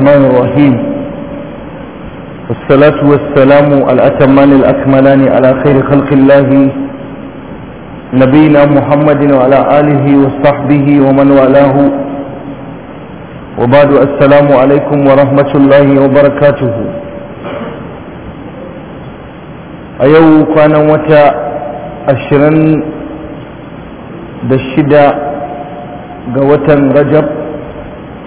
الرحمن الرحيم والصلاة والسلام الأتمان الأكملان على خير خلق الله نبينا محمد وعلى آله وصحبه ومن والاه وبعد السلام عليكم ورحمة الله وبركاته أيو كان متى أشرن دشدا قوة رجب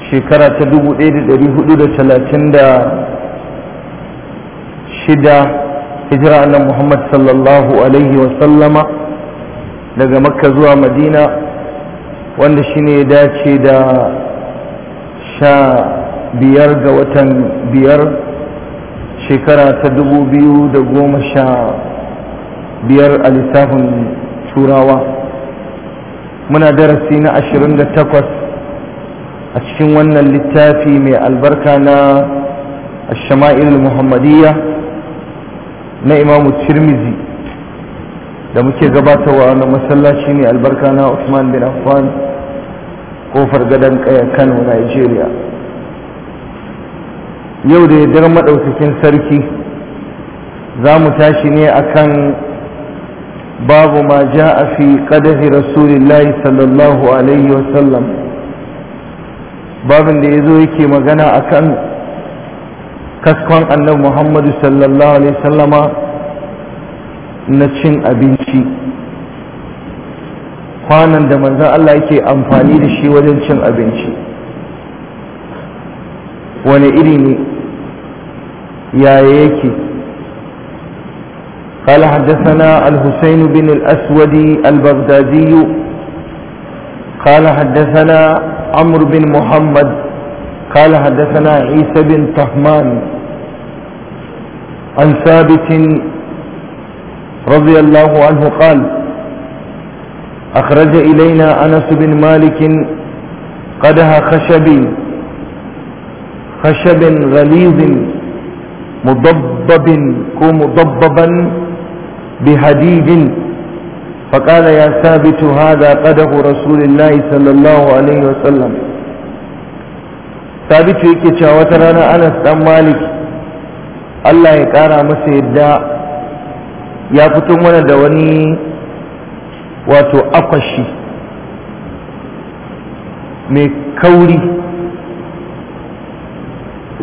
shekara ta 1436 hijira annan muhammad sallallahu alaihi wasallama daga makka zuwa madina wanda shi ne dace da sha biyar ga watan biyar shekara ta dubu biyu da goma sha biyar a lissafin turawa muna darasi na ashirin da takwas a cikin wannan littafi mai albarka na shama'il muhammadiyya na imamu tirmizi da muke wa na masallaci mai albarka na usman bin affan kofar gadon kaya kano nigeria yau da yadda maɗaukakin sarki za mu tashi ne akan babu ma ja'a fi qadahi rasulillahi sallallahu alaihi wasallam babin da ya zo yake magana a kan kaskon annabi muhammadu sallallahu alaihi sallama na cin abinci kwanan da manzan Allah yake amfani da shi wajen cin abinci wani iri ne yaya yake قال حدثنا الحسين بن الأسود البغدادي قال حدثنا عمرو بن محمد قال حدثنا عيسى بن طهمان عن ثابت رضي الله عنه قال أخرج إلينا أنس بن مالك قدها خشب خشب غليظ مضبب كو مضببا بهديد فقال يا ثابت هذا قده رسول الله صلى الله عليه وسلم ثابت yake cewa wata rana Anas ɗan Malik Allah ya ƙara masa yadda ya fito mana da wani wato akwashi mai kauri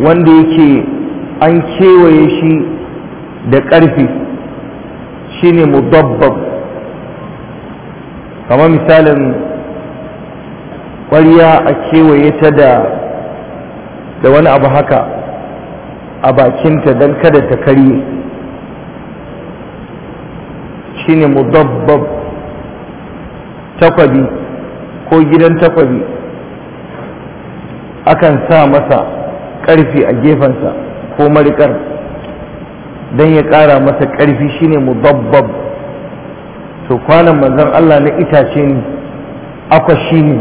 wanda yake an kewaye shi da ƙarfi shine mudabbab kamar misalin kwariya a kewaye ta da wani abu haka a bakinta don kada ta karye shine mudabbab takwabi ko gidan takwabi akan sa masa ƙarfi a gefensa ko marikar don ya ƙara masa ƙarfi shine mudabbab to kwanan manzon Allah na itace ne shi ne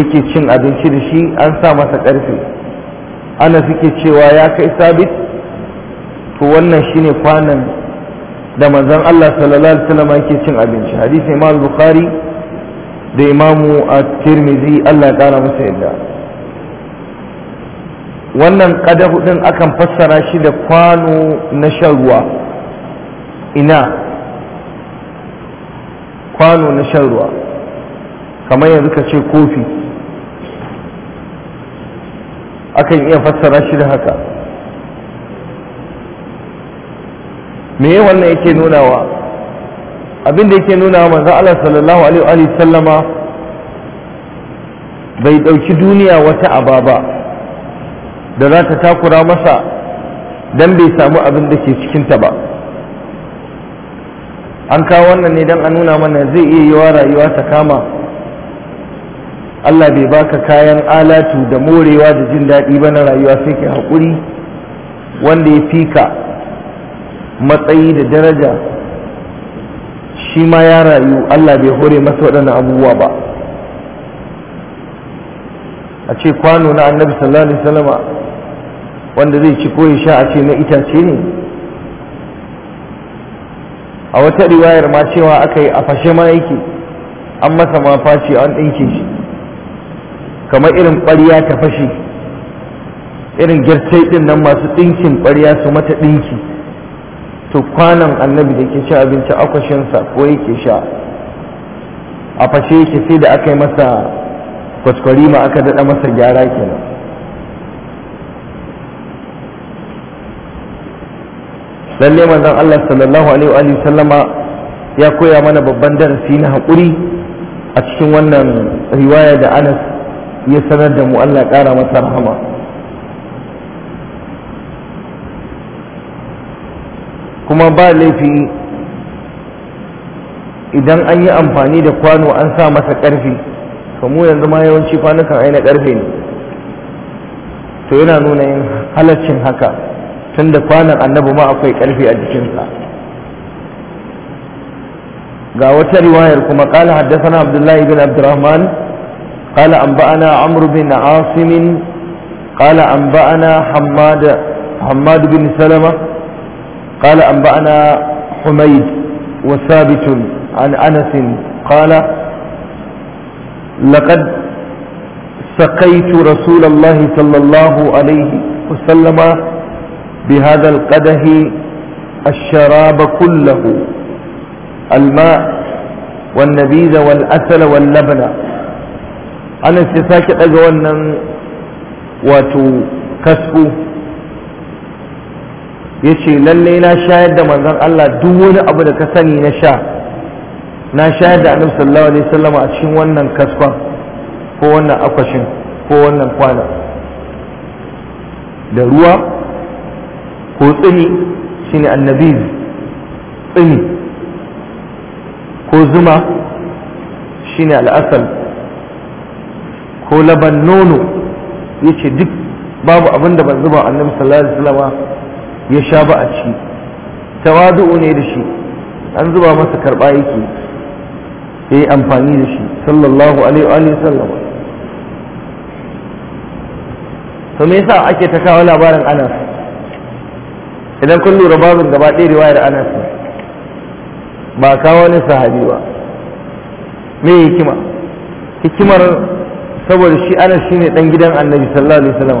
yake cin abinci da shi an sa masa ƙarfe ana suke cewa ya kai sabit to wannan shi ne kwanan da manzon Allah sallallahu alaihi wasallam yake cin abinci hadisi Imam Bukhari da imamu At-Tirmidhi Allah ya kara masa yadda wannan qadahu din akan fassara shi da kwano na shan ruwa ina kwano na shan ruwa kamar yanzu ka ce kofi akan iya fassara shi da haka me wannan yake nunawa abin da yake nunawa manzo Allah sallallahu alaihi wa sallama bai dauki duniya wata ababa da za ta takura masa dan bai samu abin da ke cikinta ba an kawo wannan ne don a nuna mana zai iya yiwa rayuwa ta kama Allah bai baka kayan alatu da morewa da jin daɗi ba na rayuwa sai kai haƙuri wanda ya fika matsayi da daraja shi ma ya rayu Allah bai hore masa waɗannan abubuwa ba a ce kwano na annabi sallallahu alaihi wanda zai ci ko ya sha a ce na itace ne a wata riwayar ma cewa aka yi a fashe ma yake an masa ma fashe an ɗinke shi kamar irin ƙwarya ta fashe irin girtai ɗin nan masu ɗinkin ƙwarya su mata ɗinki to kwanan annabi da ke ci abinci a ko yake sha a fashe yake sai da aka yi masa kwaskwari ma aka daɗa masa gyara kenan lalle manzon Allah sallallahu alaihi wa sallama ya koya mana babban darasi na haƙuri a cikin wannan riwaya da Anas ya sanar da mu Allah ƙara masa rahama kuma ba laifi idan an yi amfani da kwano an sa masa ƙarfi kamu yanzu ma yawanci kwanukan aina ƙarfe ne to yana nuna yin halaccin haka tunda kwanan annabi ma akwai karfi a jikinsa ga wata riwayar kuma qala haddathana abdullahi ibn abdurrahman qala anba'ana amr bin asim qala anba'ana hammad hammad bin salama qala anba'ana humayd wa thabit an anas qala laqad saqaytu rasulallahi sallallahu alayhi wa sallama بهذا القده الشراب كله الماء والنبيذ والأسل واللبن أنا استفاكت أجوانا وتكسب يشي للي لا شاهد من ذن الله دون أبدا كسني نشا لا شاهد أن صلى الله عليه وسلم أشيوانا كسبا فوانا أقشن فوانا قوانا دروا ko tsini shine annabi tsini ko zuma shine al'asal ko laban nono ce duk babu abin da ban zuba annabi sallallahu alaihi wasallam ya sha ba a ci tawadu'u ne da shi an zuba masa karba yake yi amfani da shi sallallahu alaihi wa sallam to me yasa ake ta kawo labarin Anas idan kun lura babin gaba ɗaya riwayar anas ba kawo wani sahabi ba me hikima hikimar saboda shi anas shine dan gidan annabi sallallahu alaihi wasallam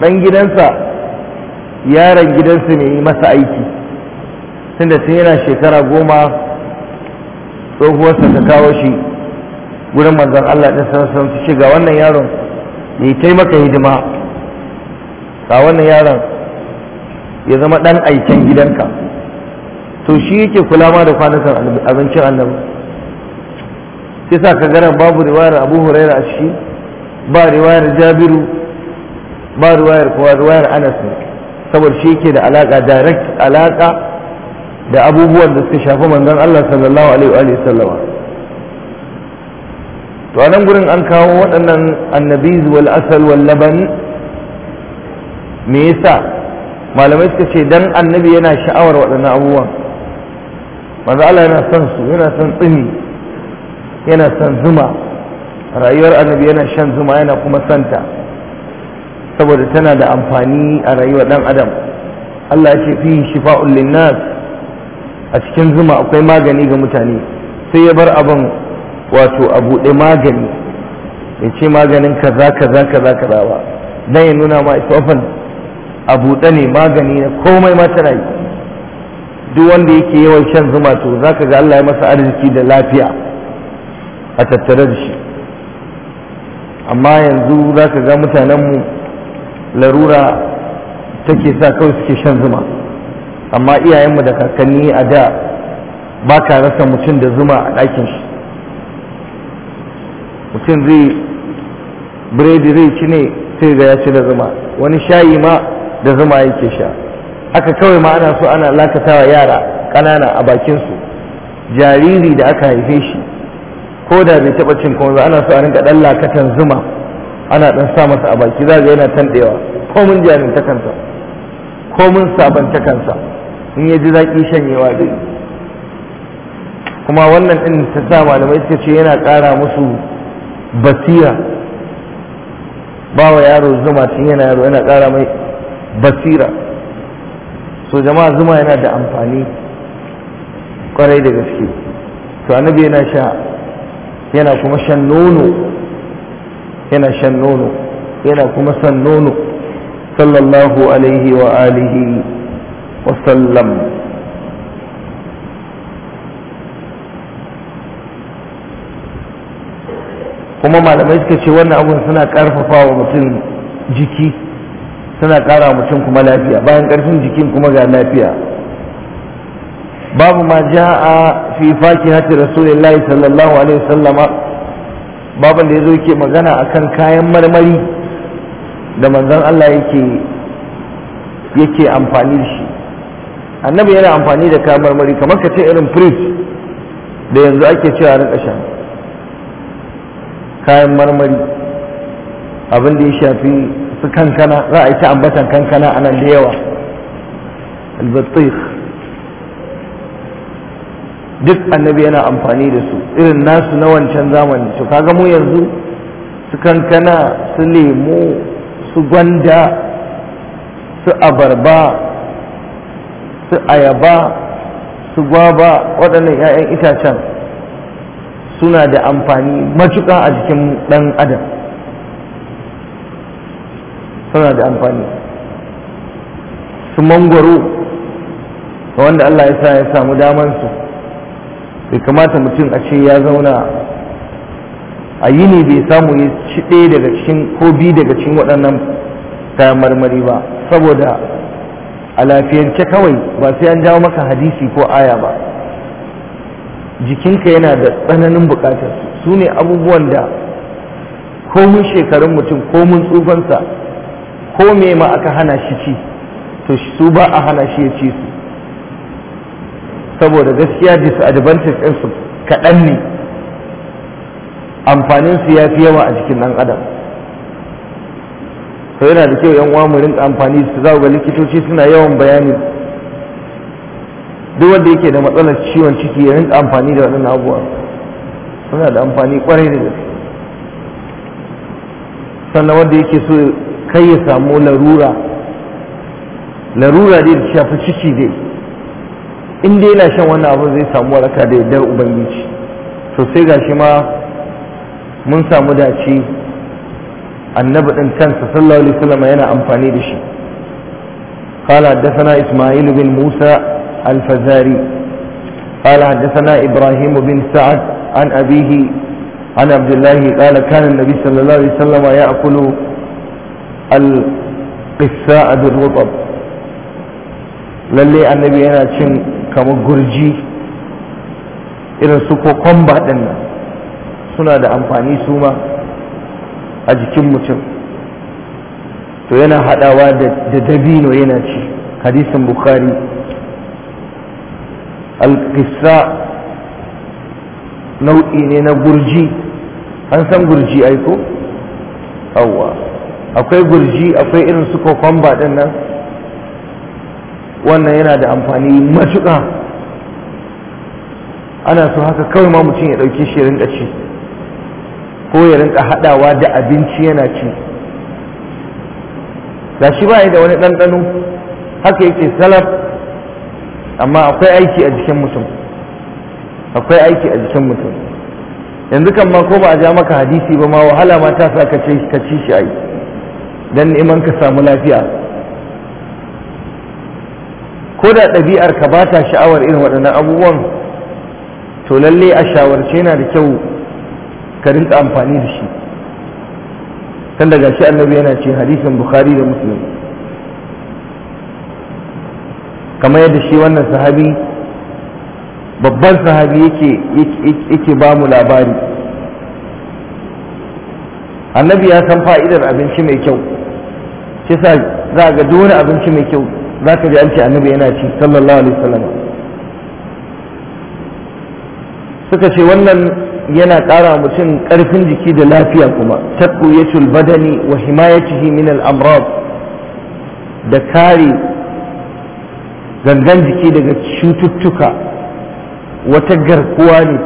dan gidansa yaron gidansa ne masa aiki tunda tun yana shekara goma tsohuwarsa ta kawo shi gurin manzon Allah ɗin sanarsan su shiga wannan yaron mai taimaka hidima ga wannan yaron ya zama dan aiken gidanka to shi yake kula ma da kwanukan abincin annabi sai sa ka gara babu riwayar abu huraira a ciki ba riwayar jabiru ba riwayar kowa riwayar anas ne saboda shi yake da alaka direct alaka da abubuwan da suka shafi manzon Allah sallallahu alaihi wa sallama to a nan gurin an kawo waɗannan annabiz wal asal wal laban me yasa malamai suka ce dan annabi yana sha'awar waɗannan abubuwan manzo Allah yana son su yana son tsini yana son zuma rayuwar annabi yana shan zuma yana kuma santa saboda tana da amfani a rayuwar dan adam Allah ya ce fi shifa'un linnas a cikin zuma akwai magani ga mutane sai ya bar abin wato a buɗe magani ya ce maganin kaza kaza kaza kaza ba dan ya nuna ma a buɗe ne magani na komai ma duk wanda yake yawan shan zuma to za ka ga Allah ya masa arziki da lafiya a tattare da shi amma yanzu za ka ga mutanenmu larura take sa kawai suke shan zuma amma iyayenmu da kakanni a da ba ka rasa mutum da zuma a ɗakin shi mutum zai biredi zai ci ne sai ga ya ci da zuma wani shayi ma da zuma yake sha haka kawai ma ana so ana lakatawa yara ƙanana a bakinsu jariri da aka haife shi ko da bai taɓa cin kuma ana so a rinka ɗan lakatan zuma ana ɗan sa masa a baki za ga yana tanɗewa ko mun kansa ko mun kansa in ya ji zaƙi shanyewa dai kuma wannan ɗin ta sa malamai suka ce yana ƙara musu basira ba wa yaro zuma tun yana yaro yana ƙara mai basira so jama'a zuma yana da amfani kwarai da gaske to annabi yana sha yana kuma shan nono yana shan nono yana kuma san nono sallallahu alaihi wa alihi wa sallam kuma malamai suka ce wannan abun suna karfafa wa mutum jiki tana ƙara mutum kuma lafiya bayan ƙarfin jikin kuma ga lafiya babu ma a fi hati rasulillahi sallallahu alaihi wasallama baban da ya zo yake magana a kan kayan marmari da manzon Allah yake yake amfani da shi annabi yana amfani da kayan marmari kamar ka ce irin firis da yanzu ake cewa na shan kayan marmari abin da ya shafi su kankana za a yi ta ambatan kankana a nan da yawa albattif duk annabi yana amfani da su irin nasu na wancan zamani to kaga mu yanzu su kankana su lemu su gwanda su abarba su ayaba su gwaba waɗannan 'ya'yan itacen suna da amfani matuƙa a jikin ɗan adam suna da amfani su mangwaro wanda Allah ya sa ya samu su bai kamata mutum a ce ya zauna a yi ne bai samu ya ci ɗaya daga cikin ko bi daga cikin waɗannan kayan marmari ba saboda a lafiyance kawai ba sai an jawo maka hadisi ko aya ba jikinka yana da tsananin bukatar su ne abubuwan da komun shekarun mutum komun tsufansa ko me ma aka hana shi ci to su ba a hana shi ya ci su saboda gaskiya disadvantage ɗin su kaɗan ne amfanin su ya fi yawa a jikin ɗan adam to yana da kyau yan uwa mu rinka amfani su za ga likitoci suna yawan bayani duk wanda yake da matsalar ciwon ciki ya rinka amfani da waɗannan abubuwa suna da amfani kwarai da gaske sannan wanda yake so kai ya samu larura larura dai da shafi ciki dai in dai yana shan wannan abu zai samu waraka da yardar ubangiji to sai gashi ma mun samu dace annabi din kansa sallallahu alaihi wasallam yana amfani da shi قال حدثنا إسماعيل بن موسى الفزاري قال حدثنا إبراهيم بن سعد عن أبيه عن عبد الله قال كان النبي صلى الله عليه وسلم يأكل القساء بالرطب للي النبي أنا تشن كما قرجي إذا سكو قنبع دنا da دا suma a jikin mutum to yana haɗawa da dabino yana ci hadisin bukhari alƙisa nau'i ne na gurji an san gurji aiko? awwa akwai gurji akwai irin su kokomba din nan wannan yana da amfani matuƙa ana so haka kawai ma mutum ya ɗauke shi rinka ci ko ya rinka haɗawa da abinci yana ci da shi ba da wani ɗanɗano haka yake salaf amma akwai aiki a jikin mutum akwai aiki a jikin mutum yanzu kan ma ko ba a ja maka hadisi ba ma wahala ma ta sa ka ci shi yi. don neman ka samu lafiya ko da ɗabi'ar ka ba ta sha'awar irin waɗannan abubuwan to lalle a shawarce yana da kyau ka rinka amfani da shi kan daga shi annabi yana ce hadisin bukhari da muslim kamar yadda shi wannan sahabi babban sahabi yake yake ba mu labari annabi ya san fa'idar abinci mai kyau shi sa za ga duk wani abinci mai kyau za ka ji an ce annabi yana ci sallallahu alaihi wasallam suka ce wannan yana ƙara mutum ƙarfin jiki da lafiya kuma taqwiyatul badani wa himayatihi min al-amrad da kare gangan jiki daga cututtuka wata garkuwa ne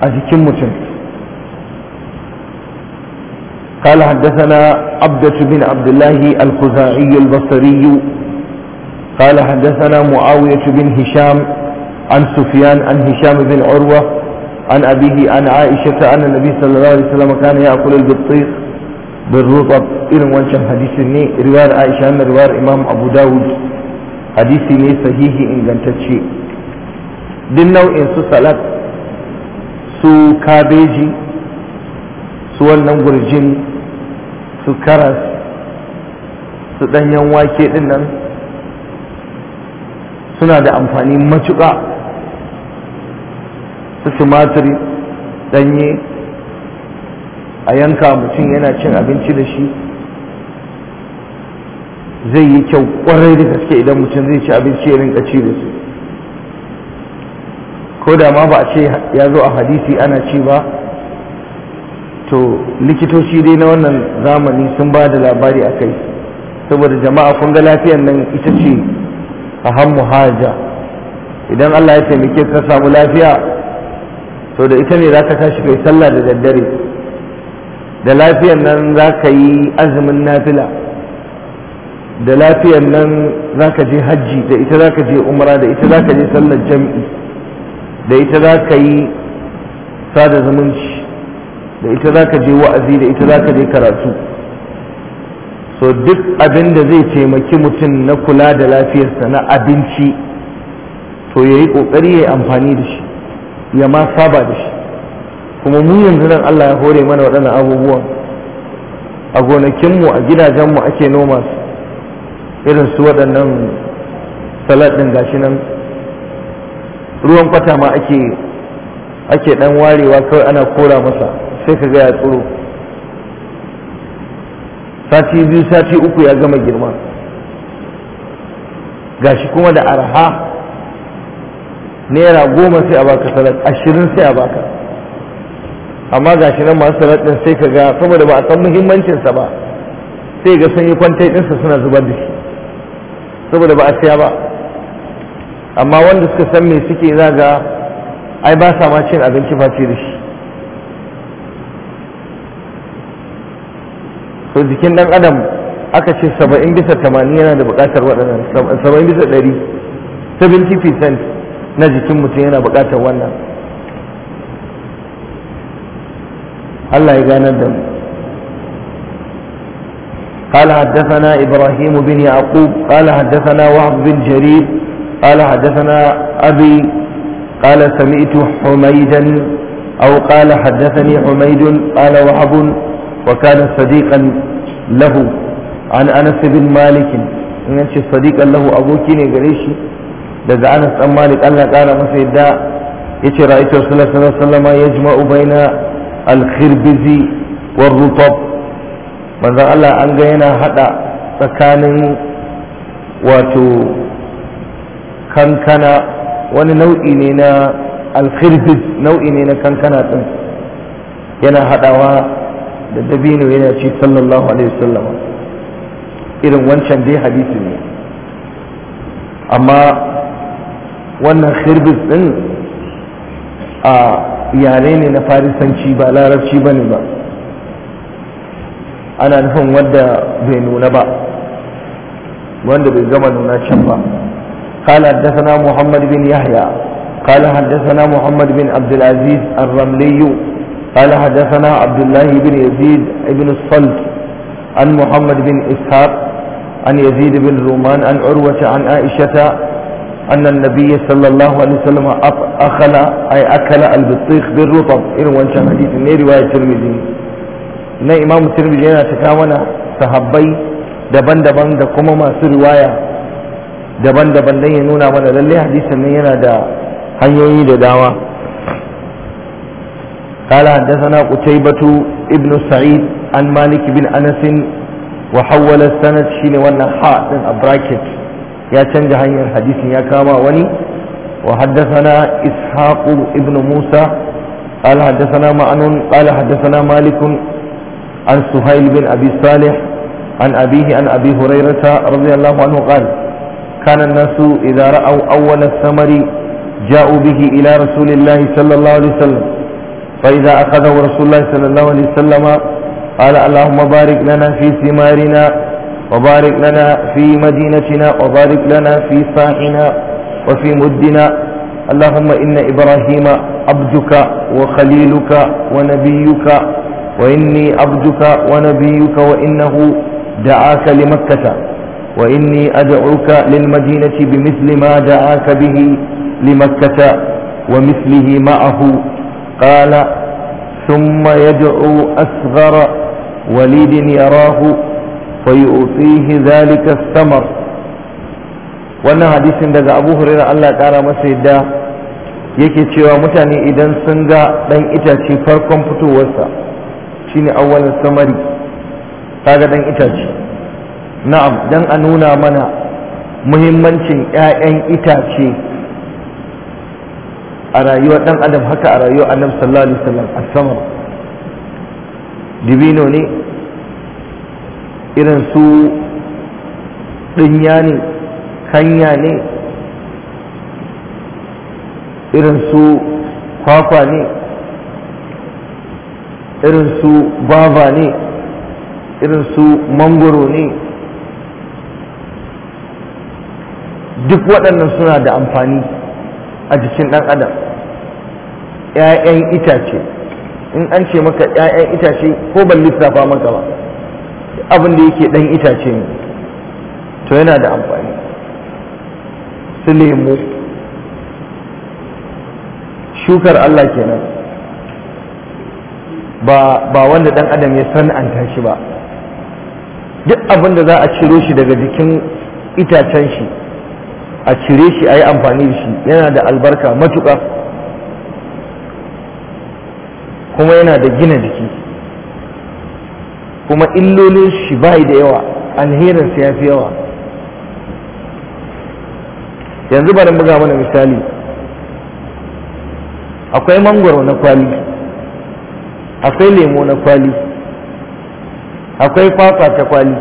a jikin mutum قال حدثنا عبدة بن عبد الله الخزاعي البصري قال حدثنا معاوية بن هشام عن سفيان عن هشام بن عروة عن أبيه عن عائشة أن النبي صلى الله عليه وسلم كان يأكل البطيخ بالرطب إن وانشان حديث ني روار عائشة أن روار إمام أبو داود حديث ني صحيح إن قنتشي دين نوع سو سلات سو كابيجي سو النمبر جن su karas su ɗanyen wake ɗin nan suna da amfani matuƙa su tumatiri ɗanye a yanka mutum yana cin abinci da shi zai yi kyau kwarai da gaske idan mutum zai ci abinci ya rinka ci da su ko da ma ba a ce ya zo a hadisi ana ci ba to likitoci dai na wannan zamani sun ba da labari a kai saboda jama'a kun ga lafiyar nan ita ce a hannu haja idan allah ya taimake ka samu lafiya to da ita ne za ka tashi kai sallah da daddare da lafiyar nan za ka yi azumin nafila da lafiyar nan za ka je hajji da ita za ka je umra da ita za ka je sallar jam'i da ita za ka yi sada zumunci da ita za ka je wa'azi da ita za ka je karatu so duk abin da zai taimaki mutum na kula da lafiyarsa na abinci to ya yi ƙoƙari ya yi amfani da shi ya ma saba da shi kuma mu yanzu nan Allah ya hore mana waɗannan abubuwan a gonakinmu a gidajenmu ake noma su irin su waɗannan salad ɗin gashi nan ruwan kwata ma ake ake ɗan warewa kawai ana kora masa sai ka ga ya tsoro sati biyu sati uku ya gama girma gashi kuma da arha naira goma sai a baka salat ashirin sai a baka amma gashi nan masu salat din sai ka ga saboda ba a san muhimmancinsa ba sai ga sun yi kwantai ɗinsa suna zubar da shi saboda ba a siya ba amma wanda suka san me suke zaga ai ba sa ma cin abinci ce da shi so jikin dan adam aka ce 70 bisa 80 yana da buƙatar waɗannan 70 bisa 100 70% na jikin mutum yana buƙatar wannan Allah ya ganar da mu قال حدثنا إبراهيم بن يعقوب قال حدثنا وهب بن جرير قال حدثنا أبي قال سمعت حميدا أو قال حدثني حميد قال وهب وكان صديقا له عن أنس بن مالك إن أنت صديقا له أبوكيني قريشي لذا أنس أم مالك ألا قال مسيدا يتي رأيت رسول الله صلى الله عليه وسلم يجمع بين الخربز والرطب من ذا الله أنقينا حتى tsakanin wato kankana wani nau'i ne na alkhirbiz nau'i ne na kankana ɗin yana haɗawa da dabino yana ci sallallahu alaihi wasallam irin wancan dai hadisi ne amma wannan khirbis din a yare ne na farisanci ba larabci ba ne ba ana nufin wanda bai nuna ba wanda bai gama nuna can ba قال حدثنا محمد بن يحيى قال حدثنا محمد بن عبد العزيز الرملي قال حدثنا عبد الله بن يزيد بن الصلت عن محمد بن إسحاق عن يزيد بن رومان عن عروة عن عائشة أن النبي صلى الله عليه وسلم أخل أي أكل البطيخ بالرطب إن وانشان حديث إن رواية الترمذي إن إمام الترمذي أنا تكامنا صحابي دبن دبن دا كما ما رواية دبن دبن لن ينونا من للي حديث أن ينا دا هنيوي دا داوا قال حدثنا قتيبة ابن سعيد عن مالك بن أنس وحول السند شين وانا حاء أبراكت يا تنجح هاي الحديث يا كاما وني وحدثنا إسحاق ابن موسى قال حدثنا معن قال حدثنا مالك عن سهيل بن أبي صالح عن أبيه عن أبي هريرة رضي الله عنه قال كان الناس إذا رأوا أول الثمر جاءوا به إلى رسول الله صلى الله عليه وسلم فإذا أخذه رسول الله صلى الله عليه وسلم قال اللهم بارك لنا في ثمارنا وبارك لنا في مدينتنا وبارك لنا في صاحنا وفي مدنا اللهم إن إبراهيم عبدك وخليلك ونبيك وإني عبدك ونبيك وإنه دعاك لمكة وإني أدعوك للمدينة بمثل ما دعاك به لمكة ومثله معه قال ثم يدعو أصغر وليد يراه فيؤتيه ذلك الثمر wannan hadisin daga abu hurairar Allah ƙara masa yadda yake cewa mutane idan sun ga ɗan itace farkon fitowarsa shine awwalin samari kaga ɗan itace na'am dan a nuna mana muhimmancin 'ya'yan itace a rayuwar ɗan adam haka a rayuwar annabi sallallahu alaihi wasallam a samar dibino ne irin su ɗinya ne kanya ne irin su kwakwa ne irin su baba ne irin su mangoro ne duk waɗannan suna da amfani a jikin ɗan adam ‘ya'yan itace in an ce maka ‘ya'yan itace ko ban lissafa maka ba abin da yake ɗan itace ne to yana da amfani su lemu shukar Allah kenan ba ba wanda ɗan adam ya san'anta shi ba duk abin da za a ciro shi daga jikin itacen shi a cire shi a yi amfani da shi yana da albarka matuƙa kuma yana da gina jiki kuma illolin shi bai da yawa alherinsa ya fi yawa yanzu bari buga mana misali akwai mangoro na kwali akwai lemo na kwali akwai kwakwa ta kwali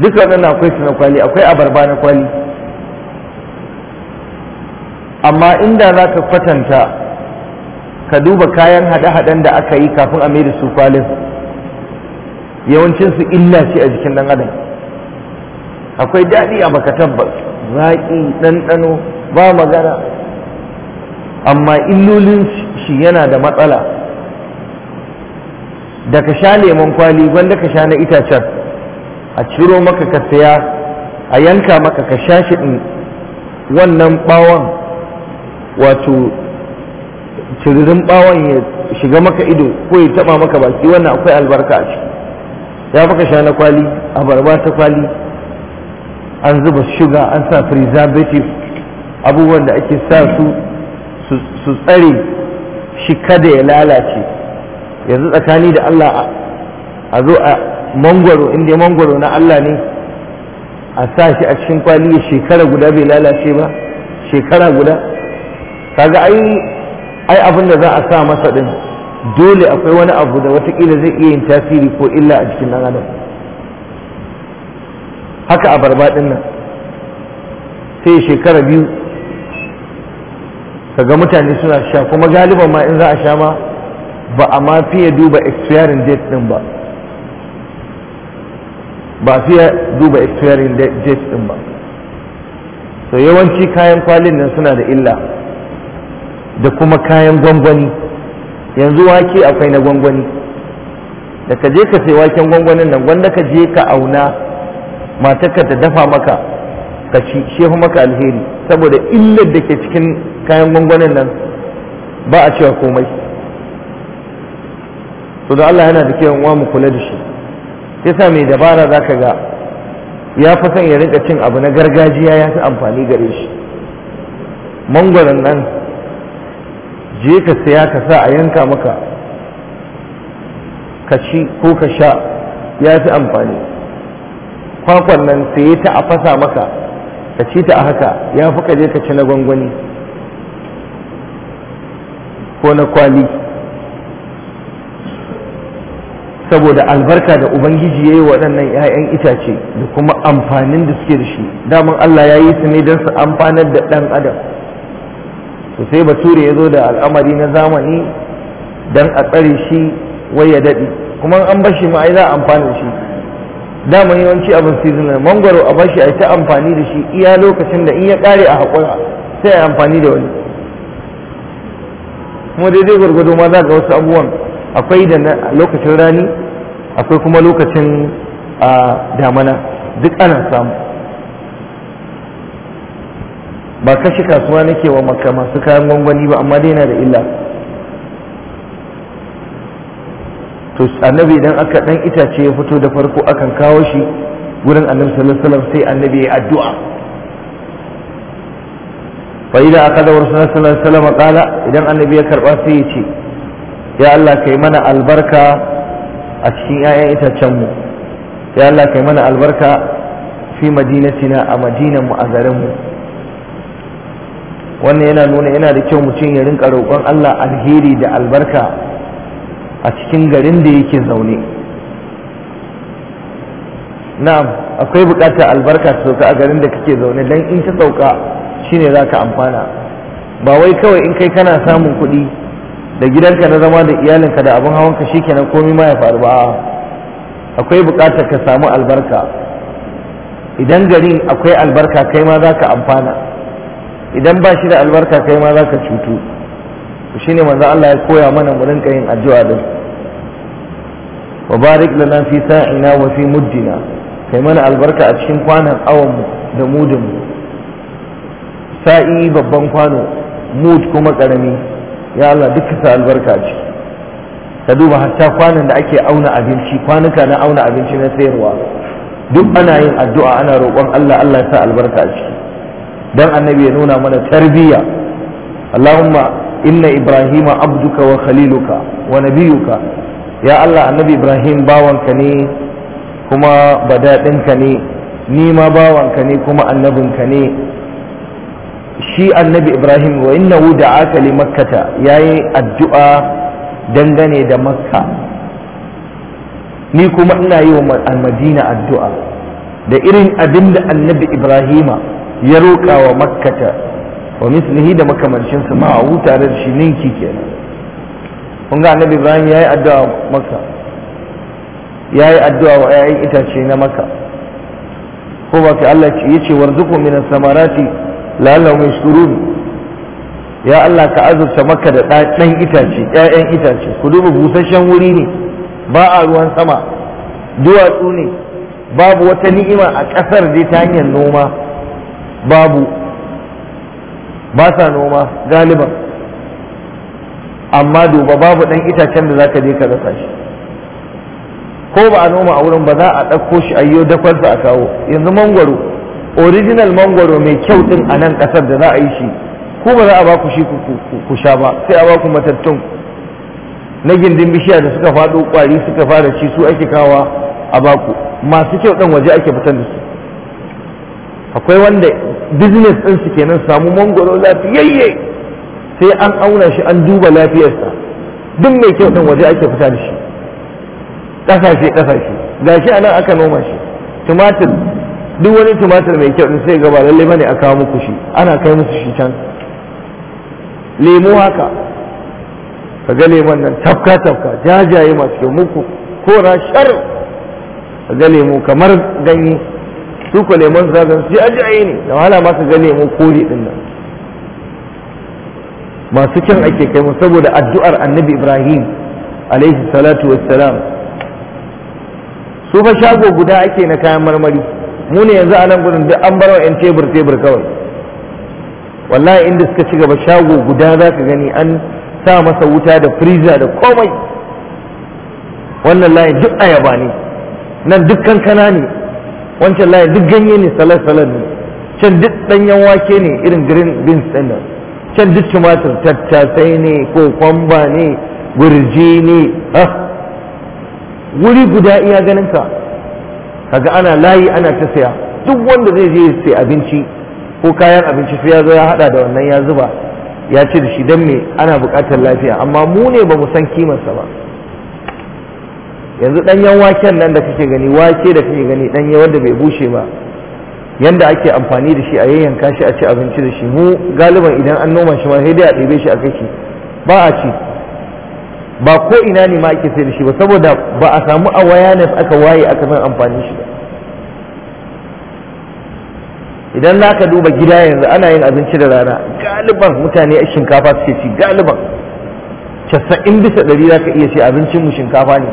duk na akwai su na kwali akwai abarba na kwali amma inda za ka kwatanta ka duba kayan hade-haden da aka yi kafin a mai da su kwalin yawancinsu illa ce a jikin dan adam akwai daɗi a baka tabbas zaƙi ɗanɗano ba magana amma illolin shi yana da matsala da ka sha lemon kwali wanda ka sha na itacen a ciro maka ka saya a yanka maka ka shashi din wannan ɓawon wato ciririn ɓawon ya shiga maka ido ko ya taɓa maka baki wannan akwai albarka a ciki ya maka sha na kwali a barba ta kwali an zuba shuga an sa preservative abubuwan da ake sa su su tsare shi kada ya lalace yanzu tsakani da Allah a zo a mangwaro inda mangwaro na Allah ne a sa shi a cikin kwali shekara guda bai lalace ba shekara guda kaga ai ai abin da za a sa masa din dole akwai wani abu da watakila zai iya yin tasiri ko illa a cikin nan adam haka a barbaɗin nan sai shekara biyu kaga mutane suna sha kuma galiban ma in za a sha ma ba a ma fiye duba expiring date din ba ba su ya duba expiring date din ba so yawanci kayan kwalin nan suna da illa da kuma kayan gwangwani yanzu wake akwai na gwangwani da ka je ka sai waken gwangwanin nan gwanda ka je ka auna matarka ta dafa maka ka ci shehu maka alheri saboda illar da ke cikin kayan gwangwanin nan ba a cewa komai to da Allah yana da kyau mu kula da shi yasa mai dabara za ka ga ya fi son ya rinka cin abu na gargajiya ya fi amfani gare shi mangwaron nan je ka saya ka sa a yanka maka ka ci ko ka sha ya fi amfani kwakwan nan saye ta a fasa maka ka ci ta a haka ya fi ka je ka ci na gwangwani ko na kwali saboda albarka da ubangiji ya yi waɗannan 'ya'yan itace da kuma amfanin da suke da shi daman Allah ya yi su ne don su amfanar da ɗan adam to sai bature ya zo da al'amari na zamani don a tsare shi wai ya daɗi kuma an bashi ma ai za a amfana shi daman yawanci abin seasonal mangwaro a bashi a ta amfani da shi iya lokacin da in ya ƙare a haƙura sai a amfani da wani kuma daidai gwargwado ma za ga wasu abubuwan akwai da lokacin rani akwai kuma lokacin damana duk ana samu ba kashe kasuwa nake wa maka masu kayan gwangwani ba amma dai na da illa to annabi idan aka dan itace ya fito da farko akan kawo shi wurin annabi sallallahu alaihi wasallam sai annabi ya addu'a fa aka da rasulullahi sallallahu alaihi wasallam qala idan annabi ya karba sai ya ce ya Allah kai mana albarka a cikin 'ya'yan itacen mu ya Allah kai mana albarka fi madinatina a madinan mu a garin wannan yana nuna yana da kyau mutum ya rinka roƙon Allah alheri da albarka a cikin garin da yake zaune na'am akwai buƙatar albarka ta sauka a garin da kake zaune don in ta sauka shine ka amfana ba wai kawai in kai kana samun kuɗi da gidanka na zama da iyalinka da abin hawanka shikenan komai ma ya faru ba akwai bukatar ka samu albarka idan garin akwai albarka kai ma za ka amfana idan ba shi da albarka kai ma za ka cutu shine manzo Allah ya koya mana mu rinka yin addu'a din wa barik lana fi sa'ina wa fi muddina kai mana albarka a cikin kwanan awon mu da mudin mu sa'i babban kwano mud kuma karami ya Allah duka ta albarka ce ka duba hatta kwanan da ake auna abinci kwanuka na auna abinci na sayarwa duk ana yin addu'a ana roƙon Allah Allah ya sa albarka ce dan annabi ya nuna mana tarbiyya Allahumma inna ibrahima abduka wa khaliluka wa nabiyuka ya Allah annabi ibrahim bawanka ne kuma badaɗinka ne ni ma bawanka ne kuma annabinka ne shi annabi ibrahim wa innahu da'aka li makkata ya yi addu'a dangane da makka ni kuma ina yi wa madina addu'a da irin abin da annabi ibrahima ya roƙa wa makkata wa mislihi da makamancinsa ma a tare da shi ninki kenan kun ga annabi ibrahim ya yi addu'a makka ya yi addu'a wa 'ya'yan itace na makka ko ba ka Allah ya ce warzuqu minas samarati la'allahum yashkurun ya Allah ka azurta maka da ɗan itace ƴaƴan itace ku duba busasshen wuri ne ba a ruwan sama duwatsu ne babu wata ni'ima a ƙasar dai ta hanyar noma babu ba sa noma galiban amma duba babu ɗan itacen da za ka je ka rasa shi ko ba a noma a wurin ba za a ɗauko shi ayyo dakwarsa a kawo yanzu mangwaro original mangoro mai kyau din a nan kasar da za a yi shi ko ba za a ba ku shi ku sha ba sai a ba ku matattun na gindin bishiya da suka faɗo ƙwari suka fara ci su ake kawa a baku masu kyau ɗan waje ake fitar da su akwai wanda business ɗin su kenan samu mangoro lafiyayye sai an auna shi an duba lafiyarsa duk mai kyau ɗan waje ake fitar da shi ƙasashe ƙasashe gashi a nan aka noma shi tumatir duk wani tumatir mai kyau sai gaba ba lalle bane a kawo muku shi ana kai musu shi can lemu haka ka ga lemon nan tafka tafka jajaye masu kyau muku kora shar ka ga lemu kamar ganye su ko lemon zagan su jajaye ne da wahala ma ka ga lemu kori din nan masu kyan ake kai mu saboda addu'ar annabi ibrahim alaihi salatu wassalam su fa shago guda ake na kayan marmari mu ne yanzu a nan gudun duk an bar yan tebur tebur kawai wallahi inda suka ci gaba shago guda za ka gani an sa masa wuta da freezer da komai wannan layin duk ayaba ne nan duk kankana ne wancan layin duk ganye ne salat-salat ne can duk ɗanyen wake ne irin green beans ɗin nan can duk tumatir tattasai ne ko kwamba ne gurji ne ah! wuri guda iya ganin ka kaga ana layi ana ta saya duk wanda zai je sai abinci ko kayan abinci sai ya zo ya hada da wannan ya zuba ya ci da shi dan me ana buƙatar lafiya amma mu ne ba mu san kimarsa ba yanzu ɗanyen waken nan da kake gani wake da kake gani ɗanye wanda bai bushe ba yanda ake amfani da shi a yayyanka shi a ci abinci da shi mu galiban idan an noma shi ma sai dai a ɗebe shi a kai shi ba a ci ba ko ina ne ma ake sai da shi ba saboda ba a samu awareness aka waye aka san amfani shi ba idan za ka duba gida yanzu ana yin abinci da rana galiban mutane shinkafa suke ci galiban casa'in bisa ɗari za ka iya ce abincinmu shinkafa ne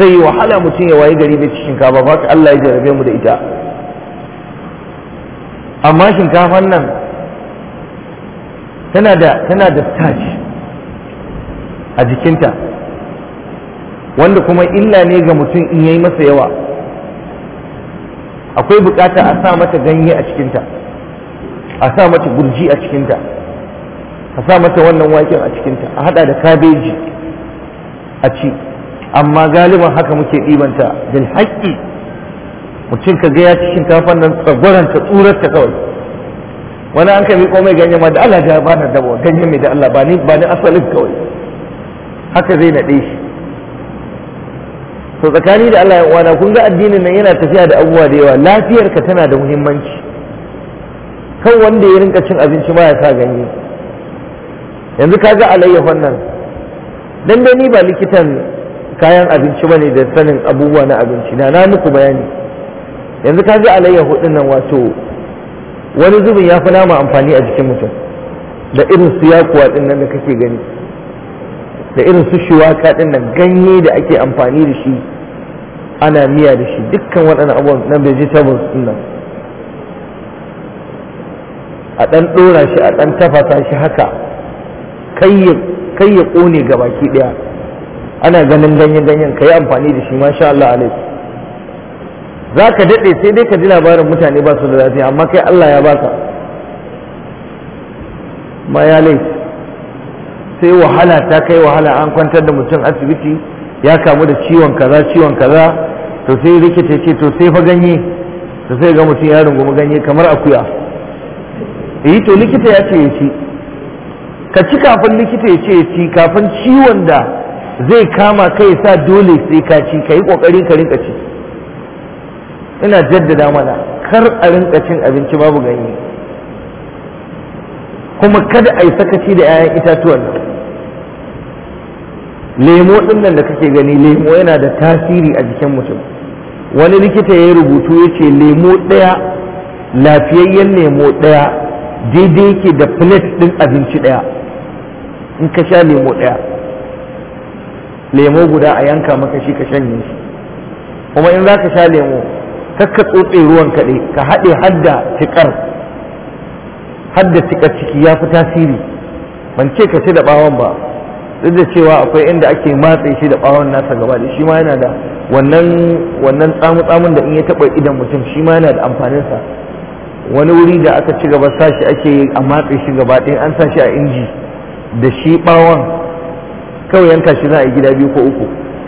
zai yi wahala mutum ya waye gari bai ci shinkafa ba ka Allah ya jarabe mu da ita amma shinkafan nan tana da tana da starch a jikinta wanda kuma illa ne ga mutum in yayi masa yawa akwai bukata a sa mata ganye a cikinta a sa mata gurji a cikinta a sa mata wannan waken a cikinta a hada da kabeji a ci amma galiban haka muke ɗibanta bil haƙƙi mutum ka gaya cikin kafan nan tsurar ta kawai wani an kai miƙo komai ganye ma da Allah ya ba dabo ganye mai da Allah ba ni ba ni asalin kawai haka zai naɗe shi to tsakani da Allah ya na kun ga addinin nan yana tafiya da abubuwa da yawa lafiyarka tana da muhimmanci kan wanda ya rinka cin abinci ba ya sa ganye yanzu ka ga alayyahon nan dan dai ni ba likitan kayan abinci bane da sanin abubuwa na abinci na na muku bayani yanzu ka ga alayyahu din nan wato wani zubin ya fi nama amfani a jikin mutum da irin su yakuwa din nan da kake gani da irin su shiwaka din nan ganye da ake amfani da shi ana miya da shi dukkan waɗannan abubuwan na vegetables din nan a ɗan ɗora shi a ɗan tafasa shi haka kai ya ƙone ga baki ɗaya ana ganin ganyen-ganyen ka yi amfani da shi masha Allah alai za ka daɗe sai dai ka ji labarin mutane ba su da lafiya amma kai Allah ya baka ma ya laifi sai wahala ta kai wahala an kwantar da mutum asibiti ya kamu da ciwon kaza ciwon kaza to sai rikice ce to sai fa ganye to sai ga mutum ya rungumi ganye kamar akuya yi eh, to likita ya ce ya ci ka ci kafin likita ya ce ya ci kafin ciwon da zai kama kai sa dole sai ka ci ka yi kokari ka rinka ci ina jaddada mana kar a rinka cin abinci babu ganye kuma kada a yi sakaci da 'ya'yan itatuwan nan lemo ɗin nan da kake gani lemo yana da tasiri a jikin mutum wani likita ya yi rubutu ya ce lemo ɗaya lafiyayyen lemo ɗaya daidai yake da plate ɗin abinci ɗaya in ka sha lemo ɗaya lemo guda a yanka maka shi ka shanye shi kuma in za ka sha lemo kakka tsotse ruwan kaɗai ka haɗe hadda tikar hadda tikar ciki ya fi tasiri ban ce ka ci da ɓawon ba duk da cewa akwai inda ake matse shi da bawon nasa gaba da shi ma yana da wannan wannan tsamu tsamun da in ya taba idan mutum shi ma yana da amfanin sa wani wuri da aka ci gaba sashi ake a matse shi gaba ɗaya an sashi a inji da shi bawon kawai yanka shi za a yi gida biyu ko uku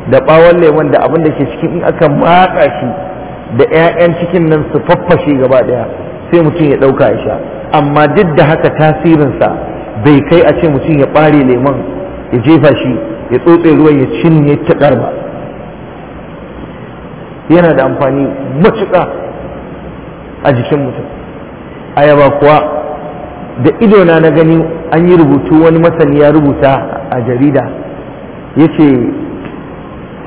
da bawon lemon da abin da ke cikin in aka matsa shi da 'ya'yan cikin nan su faffashe gaba ɗaya sai mutum ya ɗauka ya sha amma duk da haka tasirin sa bai kai a ce mutum ya ɓare lemon ya jefa shi ya tsotse ruwan ya cinye ta karba yana da amfani matuƙa a jikin mutum ayaba kuwa da idona na gani an yi rubutu wani masani ya rubuta a jarida ya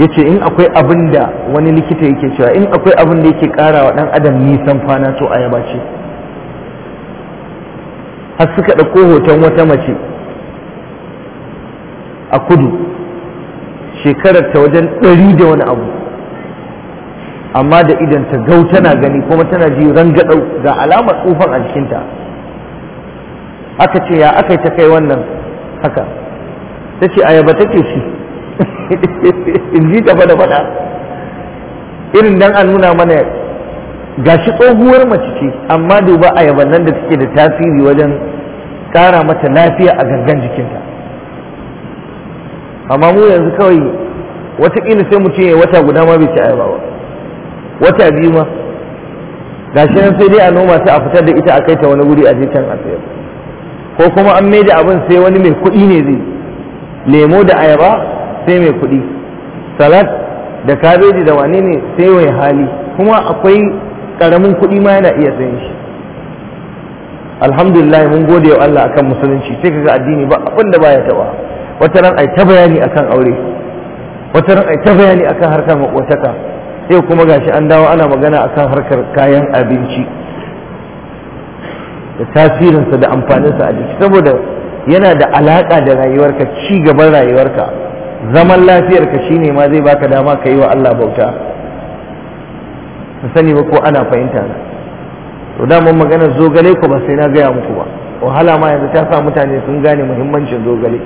ce in akwai abin da wani likita yake cewa in akwai abin da yake kara wa ɗan adam nisan fana to ayaba ce har suka ɗauko hoton wata mace a kudu shekarar ta wajen ɗari da wani abu amma da idan ta gau tana gani kuma tana ji rangadau ga alamar tsufan a jikinta aka ce ya aka yi ta kai wannan haka ta ce ayaba take shi in ji ta fada fada irin dan an nuna mana gashi tsohuwar mace ce amma duba ayaban nan da take da tasiri wajen kara mata lafiya a gangan jikinta amma mu yanzu kawai kila sai mutum ya wata guda ma bai ci ayaba ba wata biyu ma gashi nan sai dai a noma sai a fitar da ita a kai ta wani guri a je can a sayar ko kuma an mai abin sai wani mai kuɗi ne zai lemo da ayaba sai mai kuɗi salad da kabeji da wane ne sai wai hali kuma akwai ƙaramin kuɗi ma yana iya sayan shi alhamdulillah mun gode wa Allah akan musulunci sai kaga addini ba abin da baya taɓa wata ran ai ta bayani akan aure wata ran ta bayani harkar makwataka sai kuma gashi an dawo ana magana akan harkar kayan abinci da tasirinsa da amfaninsa a jiki saboda yana da alaƙa da rayuwarka ci gaban rayuwarka zaman lafiyarka shine ma zai baka dama ka yi wa Allah bauta ka sani ba ko ana fahimta na to daman magana zogale ko ba sai na gaya muku ba wahala ma yanzu ta sa mutane sun gane muhimmancin zogale